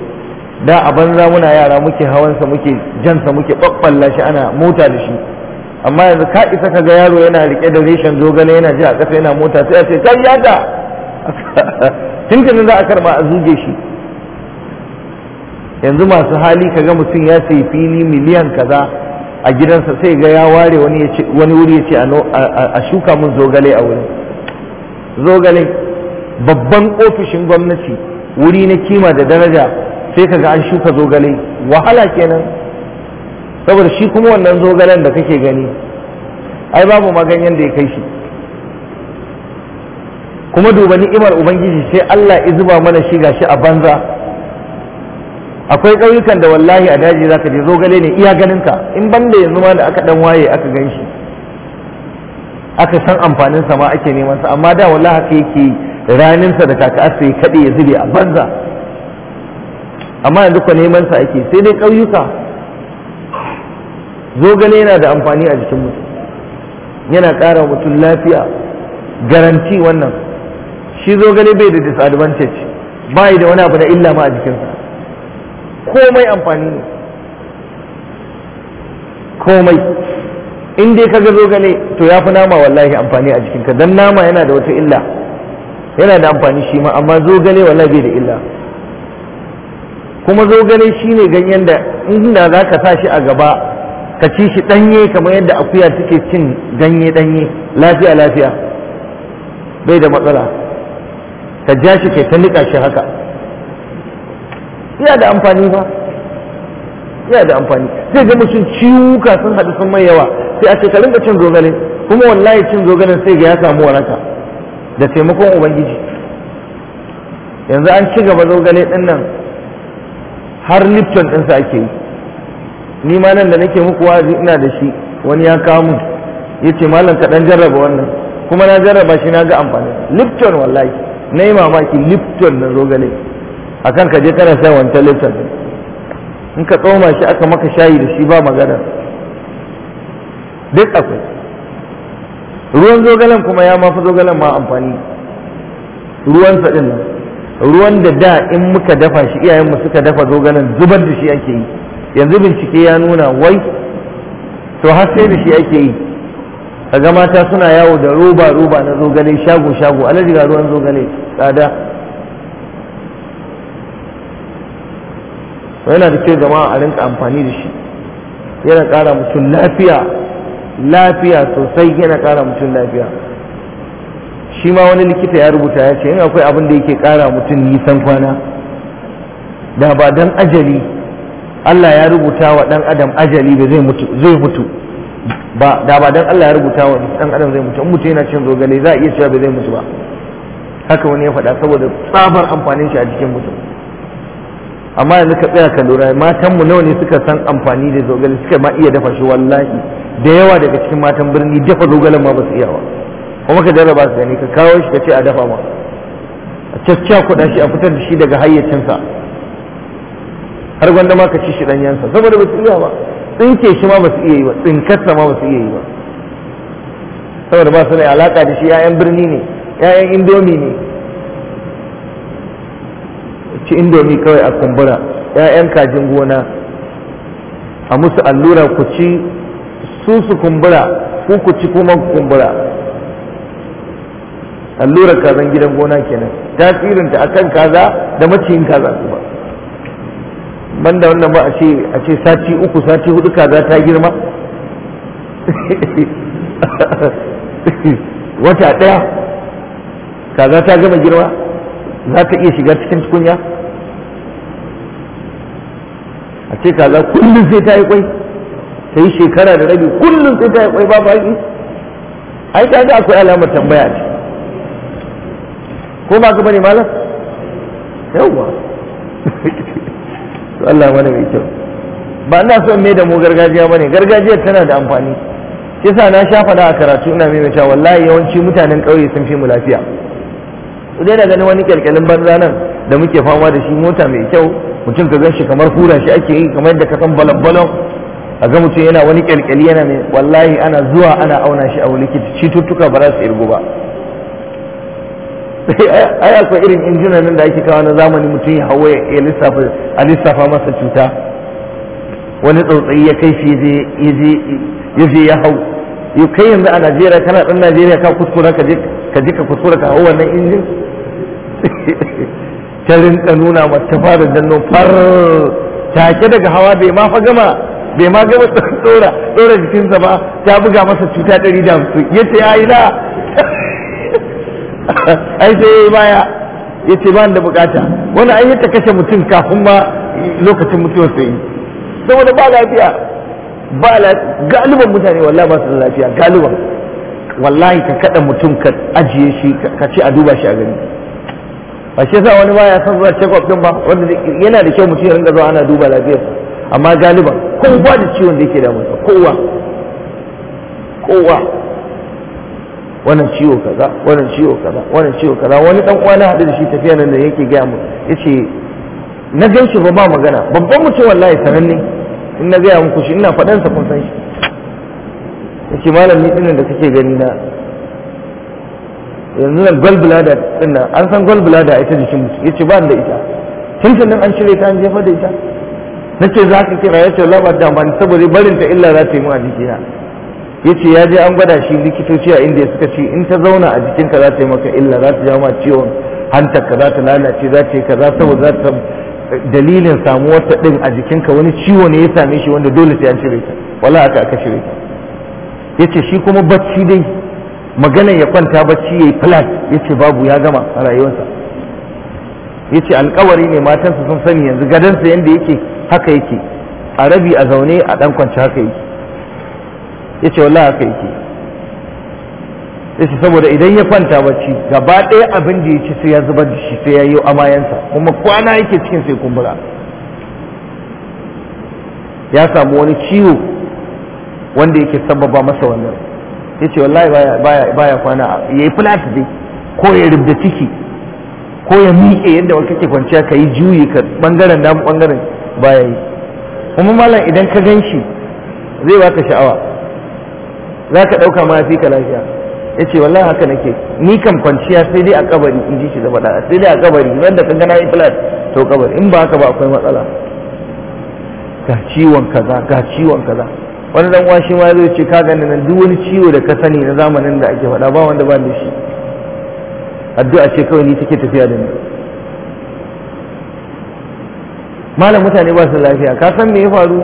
da a banza muna yara muke hawansa muke jansa muke ɓaɓɓalla shi ana mota da shi amma yanzu ka isa ka ga yaro yana rike da reshen zogale yana ji a ƙasa yana mota sai a ce kai yada za a karba a zuge shi yanzu masu hali ka ga mutum ya sayi fili miliyan kaza a gidansa sai ga ya ware wani wuri ya ce a shuka mun zogale a wurin zogale babban ofishin gwamnati wuri na kima da daraja sai ka ga an shuka zogale wahala kenan saboda shi kuma wannan zogalen da kake gani ai babu maganyen da ya kai shi kuma duba ni'imar ubangiji sai Allah ya zuba mana shi gashi a banza akwai ƙauyukan da wallahi a daji zaka je zogale ne iya ganinka in banda yanzu ma da aka dan waye aka gan shi aka san amfanin sa ma ake neman sa amma da wallahi haka yake raninsa da kaka ya kade ya zube a banza amma yanzu ku neman sa ake sai dai ƙauyuka zogale yana da amfani a jikin mutum yana ƙara mutum lafiya garanti wannan shi zogale bai da disadvantage yi da wani abu da illa ma a jikinsa komai amfani ne komai in dai kaga zogale to ya fi nama wallahi amfani a jikinka don nama yana da wata illa yana da amfani shi ma amma zogale wallahi bai da illa kuma zogale shine ganyen da inda za ka sa shi a gaba ka ci shi ɗanye kamar yadda akuya take cin ganye ɗanye lafiya lafiya bai da matsala ka ja shi kai ta niƙa shi haka yana da amfani ba yana da amfani sai ga mutum ciwuka sun haɗu sun mai yawa sai a shekarun da cin zogale kuma wallahi cin zogale sai ga ya samu waraka da taimakon ubangiji yanzu an ci gaba zogale ɗin nan har lipton ɗinsa ake yi ni ma nan da nake muku wazi ina da shi wani ya kawo mun ya ce malam ka ɗan jarraba wannan kuma na jarraba shi na ga amfani lipton wallahi na yi mamaki lipton na zogale a kan ka je kana sa wancan lipton in ka tsoma shi aka maka shayi da shi ba magana duk akwai ruwan zogalen kuma ya mafi zogalen ma amfani ruwan ɗin nan ruwan da da in muka dafa shi iyayenmu suka dafa zogalen zubar da shi ake yi yanzu bincike ya nuna wai to har sai da shi ake yi kaga mata suna yawo da roba roba na zogale shago shago alaji ga ruwan zogale tsada yana da kyau jama'a a rinka amfani da shi yana kara mutum lafiya lafiya sosai yana kara mutum lafiya shi ma wani likita ya rubuta ya ce in akwai abin da yake kara mutum nisan kwana da ba dan ajali Allah ya rubuta wa dan adam ajali ba zai mutu zai mutu ba da ba dan Allah ya rubuta wa dan adam zai mutu in yana cin zogale za a iya cewa ba zai mutu ba haka wani ya faɗa saboda tsabar amfanin shi a jikin mutum amma yanzu ka tsaya ka lura matanmu nawa ne suka san amfani da zogale suka ma iya dafa shi wallahi da yawa daga cikin matan birni dafa zogalen ma ba su iya ba kuma ka jarraba su gani ka kawo shi ka ce a dafa ma a cacca kuɗa shi a fitar da shi daga hayyacinsa har gwanda ma ka ci shi ɗanyensa saboda ba su iya ba tsinke shi ma ba su iya yi ba tsinkarsa ma ba su iya yi ba saboda ba su da alaƙa da shi 'ya'yan birni ne 'ya'yan indomi ne ci indomi kawai a kumbura 'ya'yan kajin gona a musu allura ku ci su su kumbura ku ku ci kuma kumbura allurar kazan gidan gona kenan tasirinta akan kaza da maciyin kaza kuma da wannan ba a ce a ce sati uku sati hudu kaza ta girma wata ɗaya kaza ta gama girma za ta iya shiga cikin tukunya a ce kaza kullum sai ta yi kwai ta yi shekara da rabi kullum sai ta yi kwai ba yi ai ta ga akwai alamar tambaya ce ko ba ka bane malam yawwa to Allah mana mai kyau ba ina son me da mu gargajiya bane gargajiyar tana da amfani shi na sha fada a karatu ina mai cewa wallahi yawanci mutanen ƙauye sun fi mu lafiya ku dai na ganin wani kyalkyalin banza nan da muke fama da shi mota mai kyau mutum ka ganshi kamar hura shi ake yi kamar yadda ka san balon a ga mutum yana wani kyalkyali yana mai wallahi ana zuwa ana auna shi a wani likita cututtuka ba za su irgu ba ai akwai irin injinan nan da ake kawo na zamani mutum ya hawa ya lissafa a lissafa masa cuta wani tsautsayi ya kai shi ya je ya hau yau kai yanzu a najeriya kana dan najeriya ka kuskura ka je ka kuskura ka hau wannan injin ta rinka nuna mata fara danno far take daga hawa bai ma fa gama bai ma gama tsora tsora jikinsa ba ta buga masa cuta ɗari da hamsin yace ya yi na? ai sai yi baya yace 'Bani da bukata wani ai ya kashe mutum kafin ma lokacin mutuwar sai saboda ba lafiya ba galiban mutane wallahi ba su da lafiya galiban wallahi ka kada mutum ka ajiye shi ka ce a duba shi a gani ba shi yasa wani baya san zuwa check up din ba wanda yana da kyau mutum ya ringa zuwa ana duba lafiyarsa amma galiban kowa da ciwon da yake mutum kowa kowa wannan ciwo kaza wannan ciwo kaza wannan ciwo kaza wani dan uwa na hadu da shi tafiya nan da yake gaya mu yace na gan shi ba magana babban mutum wallahi sananne in na gaya muku shi ina faɗan sa kun san shi yace malam ni dinnan da kake gani na yanzu nan bladder dinnan an san bladder ita jikin mutum yace ba da ita tun tun an shirye ta an jefa da ita nace za ka kira yace ba da ban saboda barin ta illa za ta yi mu a jikina yace ya je an gwada shi likitoci a ya suka ce in ta zauna a jikinka za ta yi maka illa za ta ja ma ciwon ka za ta lalace za ta yi kaza saboda za ta dalilin samuwar ta din a jikinka wani ciwo ne ya same shi wanda dole sai an cire ta wala aka aka cire ta yace shi kuma bacci dai magana ya kwanta bacci yayi plan yace babu ya gama a rayuwarsa yace alkawari ne matansa sun sani yanzu gadansa yanda yake haka yake a rabi a zaune a ɗan kwance haka yake ya ce wallahi haka yake yace saboda idan ya kwanta bacci gaba ɗaya abin da ya ci sai ya zubar da shi sai ya yi amayansa kuma kwana yake cikin sai kumbura ya samu wani ciwo wanda yake sababa masa wannan ya ce wallahi baya kwana ya yi flat dai ko ya rubda ciki ko ya miƙe yadda wani ke kwanciya ka yi juyi ka ɓangaren namu ɓangaren baya yi kuma malam idan ka gan shi zai baka sha'awa za ka ɗauka ma fi ka lafiya ya ce wallahi haka nake ni kan kwanciya sai dai a kabari in ji shi da faɗa sai dai a kabari wanda kan gana yi flat to kabari in ba haka ba akwai matsala ga ciwon kaza ga ciwon kaza wani dan washi ma zai ce ka gani nan duk wani ciwo da ka sani na zamanin da ake faɗa ba wanda ba da shi addu'a ce kawai ni take tafiya da ni malam mutane ba su lafiya ka san me ya faru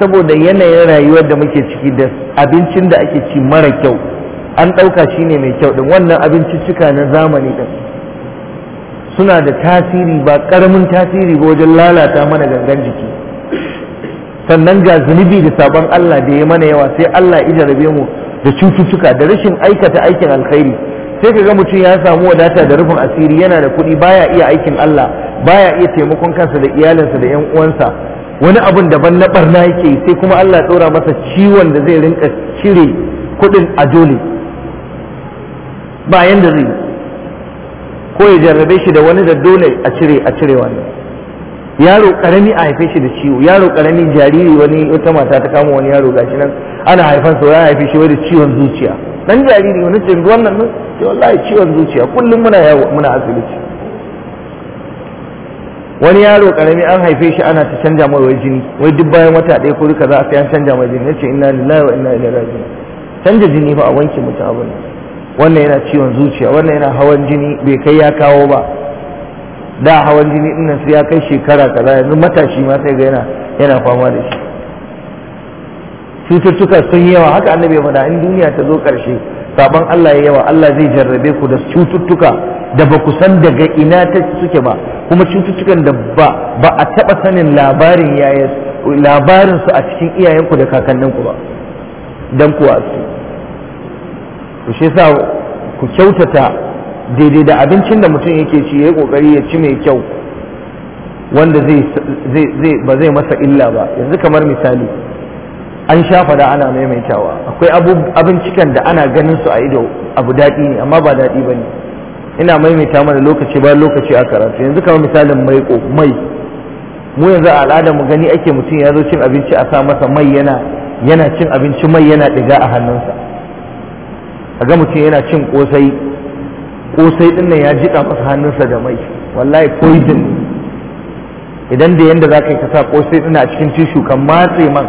saboda yanayin rayuwar da muke ciki da abincin da ake ci mara kyau an ɗauka shi ne mai kyau ɗin wannan abinciccika na zamani ɗin suna da tasiri ba ƙaramin tasiri ba wajen lalata mana gangan jiki sannan ga zunubi da sabon Allah da ya mana yawa sai Allah ya jarabe mu da cututtuka da rashin aikata aikin alkhairi sai ka ga mutum ya samu wadata da rufin asiri yana da kuɗi baya iya aikin Allah baya iya taimakon kansa da iyalinsa da 'yan uwansa wani abun daban na barna yake sai kuma Allah tsora masa ciwon da zai rinka cire kuɗin a dole ba yanda zai ko ya jarrabe shi da wani da dole a cire a cire wannan yaro karami a haife shi da ciwo yaro karami jariri wani wata mata ta kama wani yaro gashi nan ana haifan sa ya haife shi wani ciwon zuciya dan jariri wani jin wannan ne wallahi ciwon zuciya kullum muna yawo muna asibiti wani yaro karami an haife shi ana ta canja mai wai jini wai duk bayan wata ɗaya ko duka za a sai an canja mai jini yace inna lillahi wa inna ilaihi raji'un canja jini ba a wanke mutum abin wannan yana ciwon zuciya wannan yana hawan jini bai kai ya kawo ba da hawan jini ɗin sai ya kai shekara kaza yanzu matashi ma sai ga yana yana fama da shi cututtuka sun yawa haka annabi ya faɗa in duniya ta zo ƙarshe saban Allah ya yawa Allah zai jarrabe ku da cututtuka da ba ku san daga ina ta suke ba kuma cututtukan da ba ba a taɓa sanin labarin yaya labarin su a cikin iyayenku da kakanninku ba dan kuwa su ku shi yasa ku kyautata daidai da abincin da mutum yake ci yayi kokari ya ci mai kyau wanda zai ba zai masa illa ba yanzu kamar misali an shafa da ana maimaitawa akwai abincikan da ana ganin su a ido abu daɗi ne amma ba daɗi ba ne ina maimaita mana lokaci bayan lokaci a karatu yanzu kamar misalin mai ko mai mu yanzu a al'ada mu gani ake mutum ya zo cin abinci a sa masa mai yana yana cin abinci mai yana ɗiga a hannunsa a ga mutum yana cin kosai kosai ɗin nan ya jiƙa masa hannunsa da mai wallahi poison idan da yanda za ka yi ka sa kosai ɗin a cikin tishu kan matse man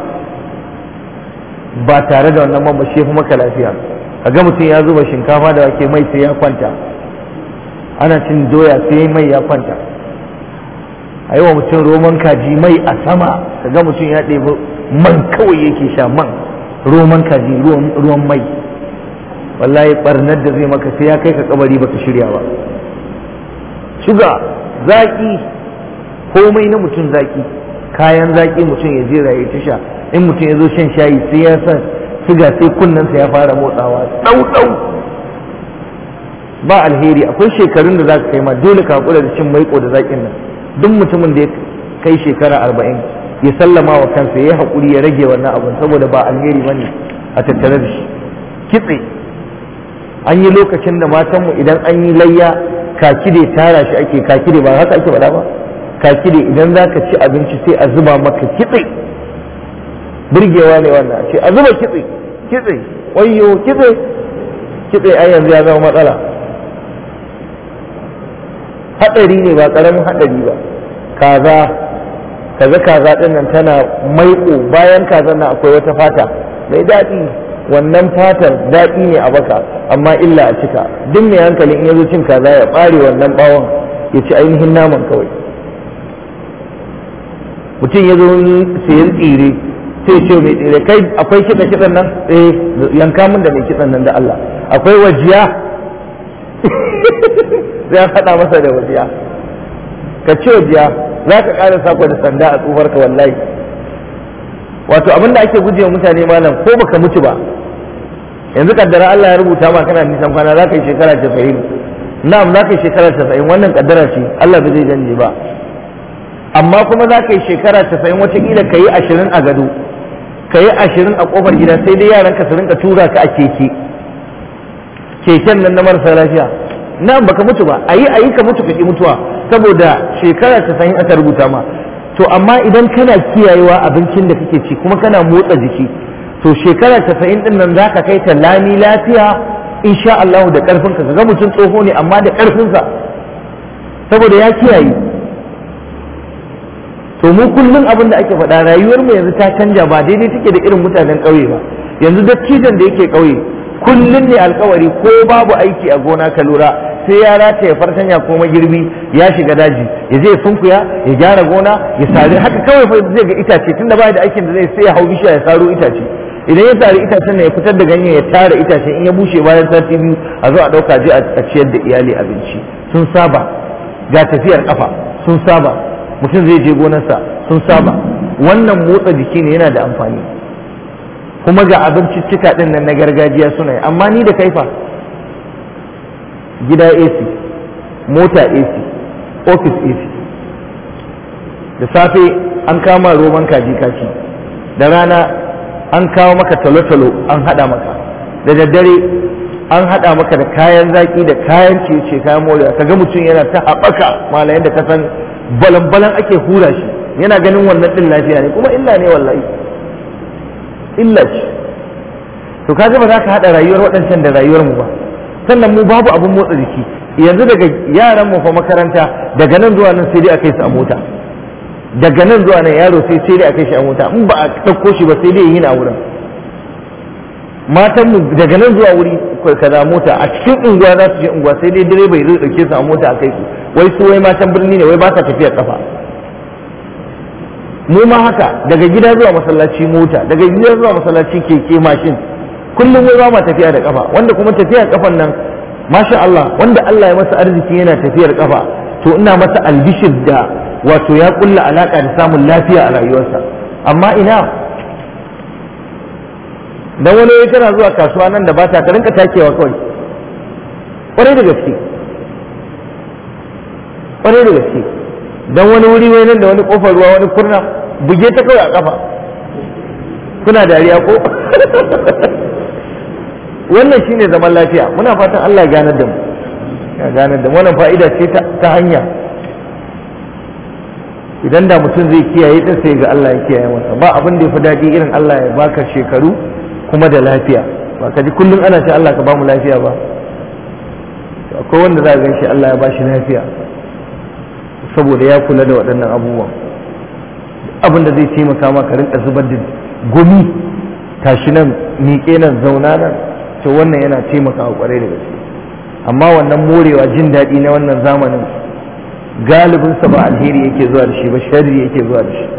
ba tare da wannan ba shi fi maka lafiya kaga mutum ya zuba shinkafa da wake mai sai ya kwanta ana cin doya sai mai ya kwanta a yi wa mutum roman kaji mai a sama kaga mutum ya ɗebi man kawai yake sha man roman kaji ruwan mai wallahi barnar da zai maka sai ya kai ka kabari ka shirya ba shuga zaki komai na mutum zaki kayan zaki mutum ya je raye tasha in mutum ya zo shan shayi sai ya san siga sai kunnensa ya fara motsawa ɗau ba alheri akwai shekarun da za ka kai ma dole ka hakura da cin maiƙo da zaƙin nan duk mutumin da ya kai shekara arba'in ya sallama wa kansa ya haƙuri ya rage wannan abun saboda ba alheri ne a tattare da shi kitse an yi lokacin da matanmu idan an yi layya kakide tara shi ake kakide ba haka ake faɗa ba kakide idan za ka ci abinci sai a zuba maka kitse burgewa ne wannan ce a zuba kitse kitse wayo kitse kitse ai yanzu ya zama matsala hadari ne ba karamin hadari ba kaza kaza kaza din nan tana maiƙo bayan kaza na akwai wata fata mai daɗi wannan fatar daɗi ne a baka amma illa a cika duk mai hankali in yazo cin kaza ya ɓare wannan ɓawon ya ci ainihin naman kawai mutum ya zo tsire sai ce mai tsere kai akwai kiɗa kiɗan nan eh yanka min da mai kiɗan nan da Allah akwai wajiya sai ya faɗa masa da wajiya ka ce wajiya za ka ƙara sako da sanda a ka wallahi wato abinda ake gujewa mutane malam ko baka mutu ba yanzu kaddara Allah ya rubuta ma kana nisan kwana za ka yi shekara casa'in na'am za ka yi shekara casa'in wannan kaddara ce Allah ba zai janje ba amma kuma za ka yi shekara wata kila ka yi ashirin a gado ka yi ashirin a kofar gida sai dai yaran ka su rinka tura ka a keke keken nan na marasa lafiya nan baka mutu ba ayi ayi ka mutu ka ƙi mutuwa saboda shekara ta aka rubuta ma to amma idan kana kiyayewa abincin da kake ci kuma kana motsa jiki to shekara casa'in din nan za ka kai ta lami lafiya insha Allah da ƙarfinka ka ga mutum tsoho ne amma da ƙarfinsa saboda ya kiyaye to mu kullum abin da ake faɗa rayuwar mu yanzu ta canja ba daidai take da irin mutanen ƙauye ba yanzu dattijan da yake ƙauye kullum ne alkawari ko babu aiki a gona ka lura sai ya farsan fartanya koma girbi ya shiga daji ya je sunkuya ya gyara gona ya sari haka kawai fa zai ga itace tunda ba da aikin da zai sai ya hau bishiya ya saro itace idan ya sari itacen ne ya fitar da ganye ya tara itacen in ya bushe bayan sati biyu a zo a ɗauka je a ciyar da iyali abinci sun saba ga tafiyar kafa sun saba mutum zai je gonarsa sun saba wannan motsa jiki ne yana da amfani kuma ga abinciccika ɗin nan na gargajiya suna yi amma ni da kaifa gida ac mota ac ofis ac da safe an kama roman kaji kaci da rana an kawo maka talotalo an haɗa maka da daddare an haɗa maka da kayan zaki da kayan ciye ciye kayan morewa ga mutum yana ta haɓaka malayen da ta san balan-balan ake hura shi yana ganin wannan din lafiya ne kuma illa ne wallahi illa shi to kaji ba za ka haɗa rayuwar waɗancan da rayuwar mu ba sannan mu babu abin motsa jiki yanzu daga yaran mu fa makaranta daga nan zuwa nan sai dai a kai su a mota daga nan zuwa nan yaro sai sai dai a kai shi a mota in ba a ɗauko shi ba sai dai yi na wurin matan mu daga nan zuwa wuri kaza mota a cikin unguwa za su je unguwa sai dai direba ya dauke su a mota a kai su wai su wai matan birni ne wai ba sa tafiya kafa mu ma haka daga gida zuwa masallaci mota daga gida zuwa masallaci keke mashin kullum wai ba ma tafiya da kafa wanda kuma tafiyar kafan nan masha Allah wanda Allah ya masa arziki yana tafiyar kafa to ina masa albishir da wato ya kulla alaka da samun lafiya a rayuwarsa amma ina dan wani wai tana zuwa kasuwa nan da ba ta ka rinka takewa kawai kwarai da gaske kwarai da gaske dan wani wuri wai nan da wani kofar ruwa wani kurna buge ta kawai a kafa kuna dariya ko wannan shine zaman lafiya muna fatan Allah ya ganar da mu ya ganar da mu wannan fa'ida ce ta hanya idan da mutum zai kiyaye din sai ga Allah ya kiyaye masa ba abin da ya fi daɗi irin Allah ya baka shekaru kuma da lafiya ba ka ji kullum ana ce Allah ka ba mu lafiya ba akwai wanda za a gan shi Allah ya ba shi lafiya saboda ya kula da waɗannan abubuwan abin da zai taimaka ma ka rinka zubar da gumi tashi nan miƙe nan zauna nan to wannan yana taimaka wa ƙwarai da gaske amma wannan morewa jin daɗi na wannan zamanin galibinsa ba alheri yake zuwa da shi ba sharri yake zuwa da shi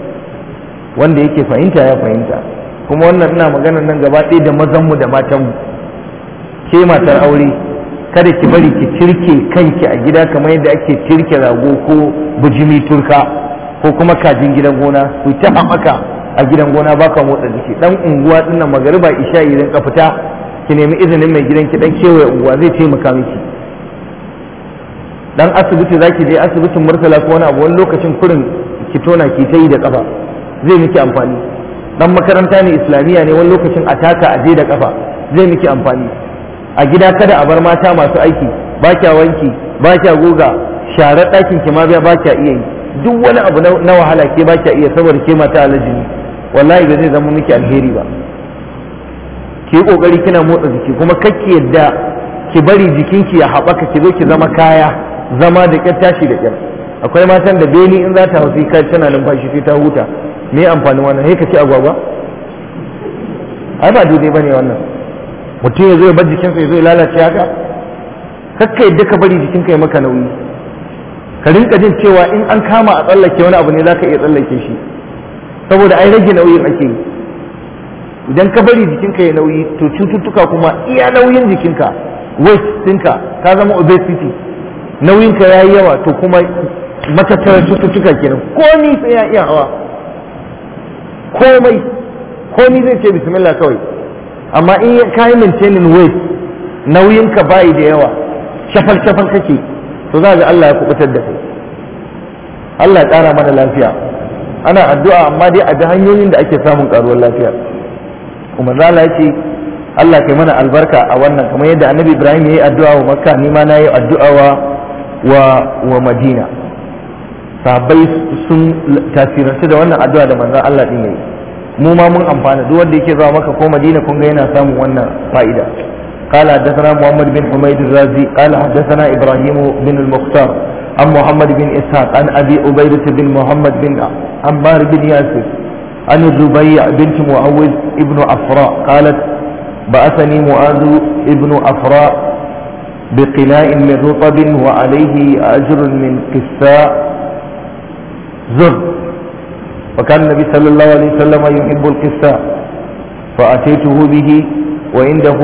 wanda yake fahimta ya fahimta kuma wannan ina magana nan gaba ɗaya da mu da matanmu ke matar aure kada ki bari ki cirke kanki a gida kamar yadda ake cirke rago ko bijimi turka ko kuma kajin gidan gona ku ta maka a gidan gona baka motsa jiki dan unguwa dinnan magariba isha idan ka fita ki nemi izinin mai gidan ki dan kewaye unguwa zai taimaka miki dan asibiti zaki je asibitin murtala ko wani abu wani lokacin kurin ki tona ki ta yi da kafa zai miki amfani dan makaranta ne islamiyya ne wani lokacin a taka a je da kafa zai miki amfani a gida kada a bar mata masu aiki ba kya wanki ba kya goga sharar ɗakin ki ma ba kya iya yi duk wani abu na wahala ke ba kya iya saboda ke mata ne wallahi ba zai zama miki alheri ba ki yi kokari kina motsa jiki kuma kakki yadda ki bari jikinki ya haɓaka ki zo ki zama kaya zama da ƙyar tashi da ƙyar akwai matan da beni in za ta hau kai tana numfashi sai ta huta me amfanin wannan sai ka ci agwagwa ai ba daidai bane wannan mutum ya zo ya bar jikinsa ya zo ya lalace haka kakka yadda ka bari jikinka ya maka nauyi ka rinka jin cewa in an kama a tsallake wani abu ne za ka iya tsallake shi saboda ai rage nauyin ake yi idan ka bari jikinka ya nauyi to cututtuka kuma iya nauyin jikinka waist ɗinka ka zama obesity nauyinka ya yi yawa to kuma matattarar cututtuka kenan ko ni sai ya iya hawa komai komai zai ce bismillah kawai amma in ya kayi maintaining weight nauyinka bayi da yawa shafar shafar kake to za ga Allah ya kubutar da kai Allah ya ƙara mana lafiya ana addu'a amma dai a ga hanyoyin da ake samun ƙaruwar lafiya kuma za la ce Allah kai mana albarka a wannan kamar yadda annabi Ibrahim ya yi addu'a wa makka ni ma na yi addu'a wa wa madina sabai sun tasirantu da wannan addu'a da manzon Allah din yayi mu ma mun amfana duk wanda yake zuwa maka ko Madina kun ga yana samun wannan fa'ida قال حدثنا محمد بن حميد الرازي قال حدثنا إبراهيم بن المختار عن محمد بن إسحاق عن أبي أبيدة بن محمد بن عمار بن ياسر عن الربيع بنت معوذ بن أفراء قالت بعثني معاذ بن أفراء بقناء من رطب وعليه أجر من قساء زر وكان النبي صلى الله عليه وسلم يحب القساء فأتيته به وعنده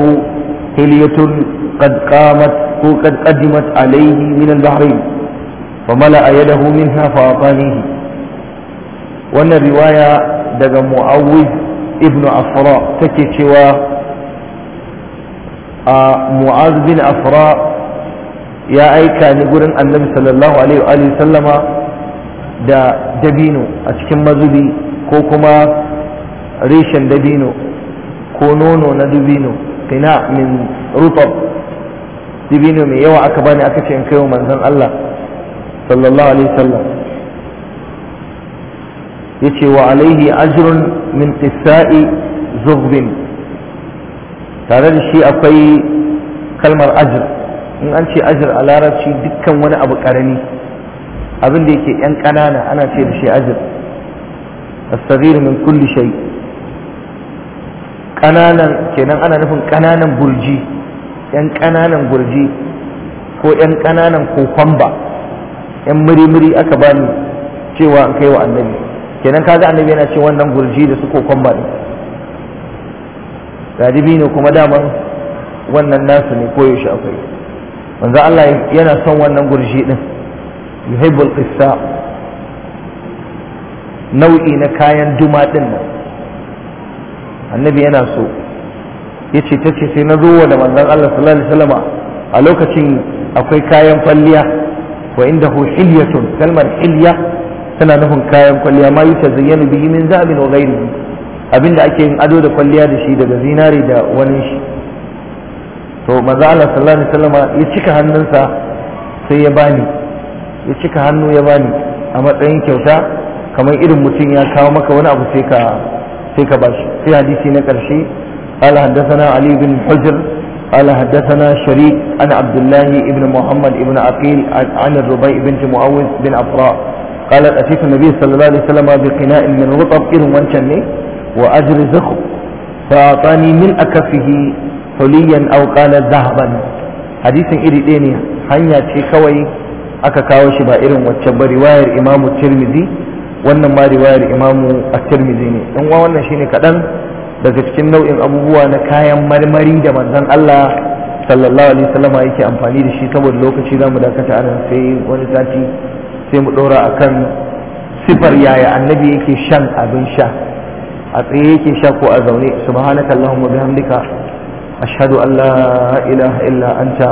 هلية قد قامت قد قدمت عليه من البحرين فملأ يده منها فأعطانيه وأن الرواية دقى معوذ ابن أفراء تكتشوا آه، معاذ بن أفراء يا أيكا نقول النبي صلى الله عليه وآله وسلم da dabino a cikin mazubi ko kuma reshen dabino ko nono na dabino fina min rutab dabino mai yawa aka bani aka ce in kai wa manzon Allah sallallahu alaihi wasallam yace wa alaihi ajrun min qissa'i zughbin tare da shi akwai kalmar ajr in an ce ajr a larabci dukkan wani abu karami abin da yake yan kanana ana ce da shi ajir asagir min kulli shay kananan kenan ana nufin kananan burji yan kananan burji ko yan kananan kokwamba yan muri-muri aka bani cewa an kai wa annabi kenan kaga annabi yana ce wannan gurji da su kokwamba ne galibi ne kuma daman wannan nasu ne koyaushe akwai manzo Allah yana son wannan gurji din yuhibbul qissa nau'i na kayan duma din nan annabi yana so yace tace sai na zo da manzon Allah sallallahu alaihi a lokacin akwai kayan kwalliya wa indahu hilyatun kalmar hilya tana nufin kayan kwalliya ma yutazayyanu bihi min zamin wa abinda ake yin ado da kwalliya da shi daga zinari da wani shi to maza Allah sallallahu alaihi ya cika hannunsa sai ya bani ya cika hannu ya bani a matsayin kyauta kamar irin mutum ya kawo maka wani abu sai ka sai ka bashi sai hadisi na ƙarshe قال حدثنا علي بن حجر قال حدثنا شريك عن عبد الله بن محمد بن عقيل عن الربيع بنت معوذ بن عفراء قالت أتيت النبي صلى الله عليه وسلم بقناء من رطب إذن وانشني وأجر زخم فأعطاني من أكفه حليا أو قال ذهبا حديث إريديني هنيا شي كوي aka kawo shi ba irin wacce ba riwayar imamu tirmidhi wannan ma riwayar imamu at-tirmidhi ne dan wa wannan shine kadan daga cikin nau'in abubuwa na kayan marmari da manzon Allah sallallahu alaihi wasallam yake amfani da shi saboda lokaci zamu dakata anan sai wani sati sai mu dora akan sifar yaya annabi yake shan abin sha a tsaye yake sha ko a zaune subhanakallahumma bihamdika ashhadu an la ilaha illa anta